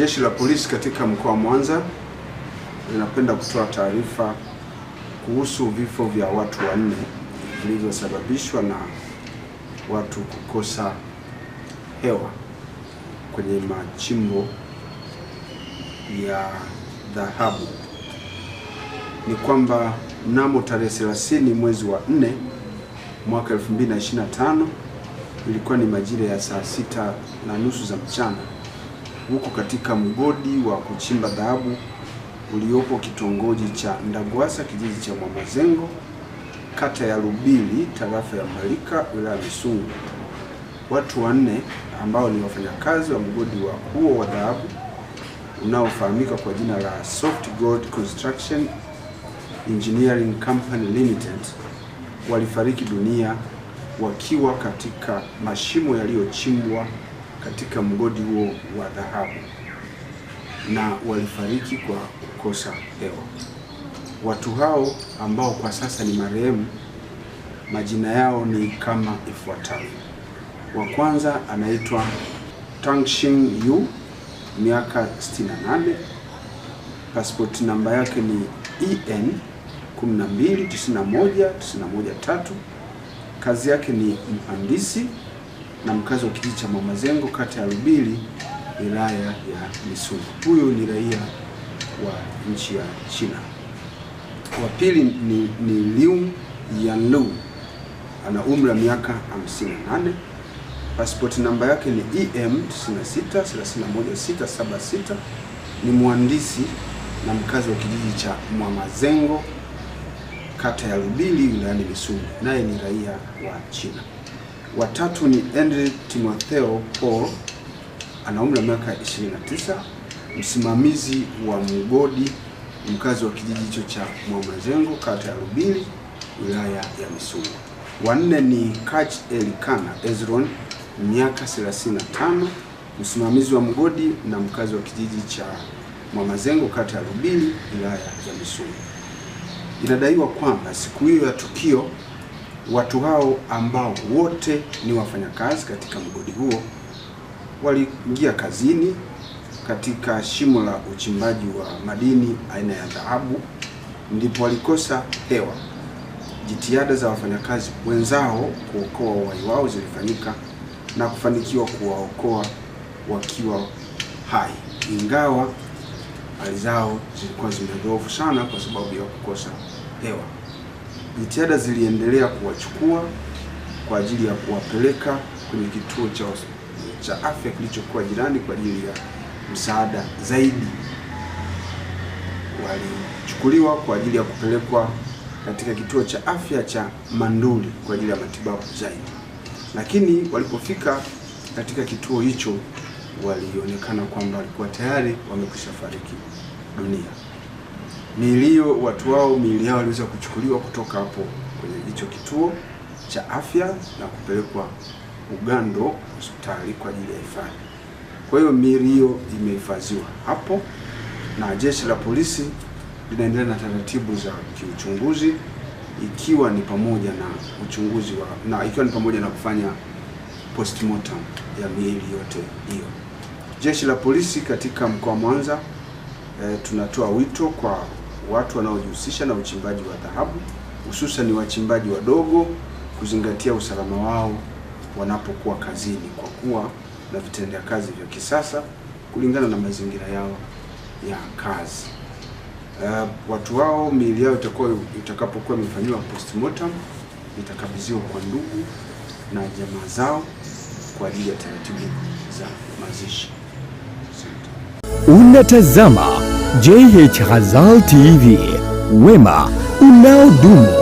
Jeshi la Polisi katika mkoa wa Mwanza linapenda kutoa taarifa kuhusu vifo vya watu wanne vilivyosababishwa na watu kukosa hewa kwenye machimbo ya dhahabu. Ni kwamba mnamo tarehe 30 mwezi wa 4 mwaka 2025 ilikuwa ni majira ya saa sita na nusu za mchana huko katika mgodi wa kuchimba dhahabu uliopo kitongoji cha Ndagwasa kijiji cha Mwamazengo kata ya Lubili tarafa ya Mbalika wilaya ya Misungwi. Watu wanne ambao ni wafanyakazi wa mgodi wa huo wa dhahabu unaofahamika kwa jina la Soft Gold Construction Engineering Company Limited walifariki dunia wakiwa katika mashimo yaliyochimbwa katika mgodi huo wa dhahabu na walifariki kwa kukosa hewa. Watu hao ambao kwa sasa ni marehemu, majina yao ni kama ifuatavyo. Wa kwanza anaitwa Tangshin Yu, miaka 68, passport namba yake ni EN 12919193, kazi yake ni mhandisi na mkazi wa kijiji cha mwamazengo kata ya rubili wilaya ya Misungwi. Huyu ni raia wa nchi ya China. Wa pili ni, ni Liu Yanlu ana umri wa miaka 58. Passport namba yake ni EM 96317676. Ni mhandisi na mkazi wa kijiji cha Mwamazengo kata ya rubili wilayani Misungwi, naye ni raia wa China watatu ni Henry Timotheo Paul ana umri wa miaka 29, msimamizi wa mgodi, mkazi wa kijiji hicho cha Mwamazengo, kata ya rubili wilaya ya Misungwi. Wanne ni Kach Elikana Ezron, miaka 35, msimamizi wa mgodi na mkazi wa kijiji cha Mwamazengo, kata ya rubili wilaya ya Misungwi. Inadaiwa kwamba siku hiyo ya tukio Watu hao ambao wote ni wafanyakazi katika mgodi huo waliingia kazini katika shimo la uchimbaji wa madini aina ya dhahabu, ndipo walikosa hewa. Jitihada za wafanyakazi wenzao kuokoa uhai wao zilifanyika na kufanikiwa kuwaokoa wakiwa hai, ingawa hali zao zilikuwa zimedhoofu sana kwa sababu ya kukosa hewa. Jitihada ziliendelea kuwachukua kwa ajili ya kuwapeleka kwenye kituo cha, cha afya kilichokuwa jirani kwa ajili ya msaada zaidi. Walichukuliwa kwa ajili ya kupelekwa katika kituo cha afya cha Manduli kwa ajili ya matibabu zaidi, lakini walipofika katika kituo hicho walionekana kwamba walikuwa tayari wamekwisha fariki dunia milio watu wao miili yao waliweza kuchukuliwa kutoka hapo kwenye hicho kituo cha afya na kupelekwa Ugando hospitali kwa ajili ya hifadhi. Kwa hiyo miili hiyo imehifadhiwa hapo na jeshi la polisi linaendelea na taratibu za kiuchunguzi ikiwa ni pamoja na uchunguzi wa na ikiwa ni pamoja na kufanya postmortem ya miili yote hiyo. Jeshi la polisi katika mkoa wa Mwanza e, tunatoa wito kwa watu wanaojihusisha na uchimbaji wa dhahabu, hususan ni wachimbaji wadogo, kuzingatia usalama wao wanapokuwa kazini kwa kuwa na vitendea kazi vya kisasa kulingana na mazingira yao ya kazi. Uh, watu wao miili yao itakapokuwa imefanyiwa postmortem itakabidhiwa kwa ndugu na jamaa zao kwa ajili ya taratibu za mazishi. Unatazama JH Hazal TV, wema unaodumu.